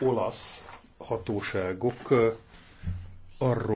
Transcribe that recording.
olasz hatóságok arról,